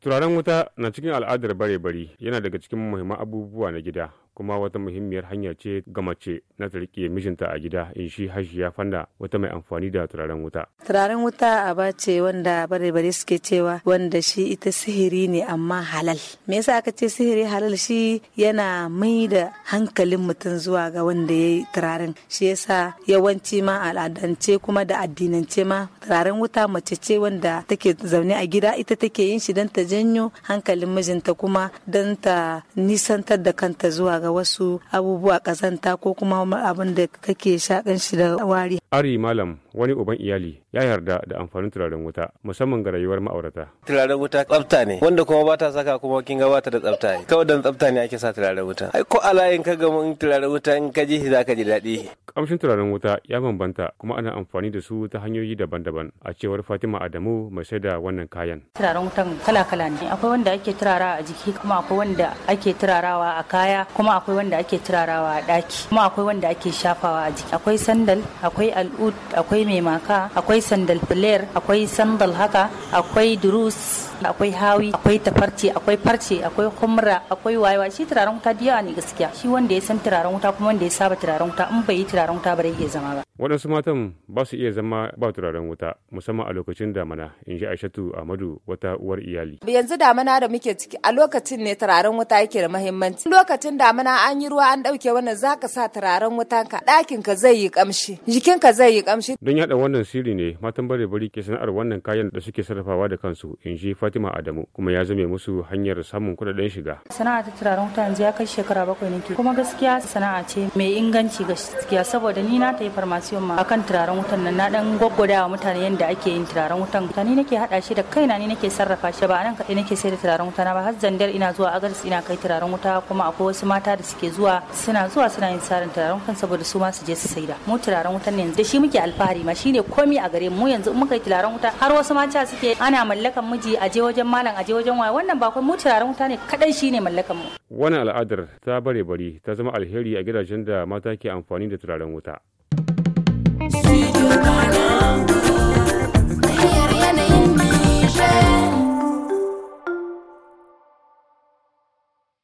Turaren wuta na cikin al'adar bare-bari yana daga cikin muhimman abubuwa na gida kuma wata muhimmiyar hanya ce ga mace na ta rike mijinta a gida in shi ya fanda wata mai amfani da turaren wuta. Turaren wuta aba ce wanda bare-bare suke cewa wanda shi ita sihiri ne amma halal. Me yasa aka ce sihiri halal shi yana mai da hankalin mutum zuwa ga wanda ya yi turaren. Shi yasa yawanci ma al'adance kuma da addinance ma turaren wuta mace ce wanda take zaune a gida ita take yin shi don ta janyo hankalin mijinta kuma don ta nisantar da kanta zuwa ga ga wasu abubuwa kazanta ko kuma abin da kake shakan shi da wari Ari Malam wani uban iyali ya yarda da amfanin turaren wuta musamman ga rayuwar ma'aurata. Turaren wuta tsafta ne wanda kuma bata saka kuma kin ga bata da tsafta ne. Kawai dan tsafta ne ake sa turaren wuta. Ai ko alayin ka ga mun turaren wuta in ka ji shi zaka ji daɗi. Kamshin turaren wuta ya bambanta kuma ana amfani da su ta hanyoyi daban-daban a cewar Fatima Adamu mai saida wannan kayan. Turaren wutan kala-kala ne akwai wanda ake turara a jiki kuma akwai wanda ake turarawa a kaya kuma akwai wanda ake turarawa a ɗaki kuma akwai wanda ake shafawa a jiki akwai sandal akwai al'ud akwai mai maka akwai sandal filer akwai sandal haka akwai durus akwai hawi akwai tafarce akwai farce akwai humra akwai wayewa shi turaren wuta da yawa ne gaskiya shi wanda ya san turaren wuta kuma wanda ya saba turaren wuta in bai yi turaren wuta ba zai iya zama ba waɗansu matan ba su iya zama ba turaren wuta musamman a lokacin damana in ji aishatu amadu wata uwar iyali yanzu damana da muke ciki a lokacin ne turaren wuta yake da mahimmanci lokacin damana an yi ruwa an ɗauke wannan zaka sa turaren ka. ɗakin ka zai yi kamshi jikin ka zai yi kamshi don yaɗa wannan sirri ne matan bare bari ke sana'ar wannan kayan da suke sarrafawa da kansu in ji fatima adamu kuma ya zame musu hanyar samun kuɗaɗen shiga sana'a ta turaren wuta yanzu ya kai shekara bakwai nake kuma gaskiya sana'a ce mai inganci gaskiya saboda ni na ta yi farmasi siyo ma akan turaren wutan nan na dan gwaggwada wa mutane yadda ake yin turaren wutan mutane nake hada shi da kaina ne nake sarrafa shi ba nan kadai nake sai da turaren wuta na ba har zandar ina zuwa agadis ina kai turaren wuta kuma akwai wasu mata da suke zuwa suna zuwa suna yin sarin turaren wutan saboda su ma su je su saida mu turaren wutan ne yanzu da shi muke alfahari ma shine komi a gare mu yanzu muka yi turaren wuta har wasu mata suke ana mallakan miji a je wajen malam a je wajen waya wannan ba mu turaren wuta ne kadai shine mallakan mu wannan al'adar ta bare bari ta zama alheri a gidajen da mata ke amfani da turaren wuta Studio Banana.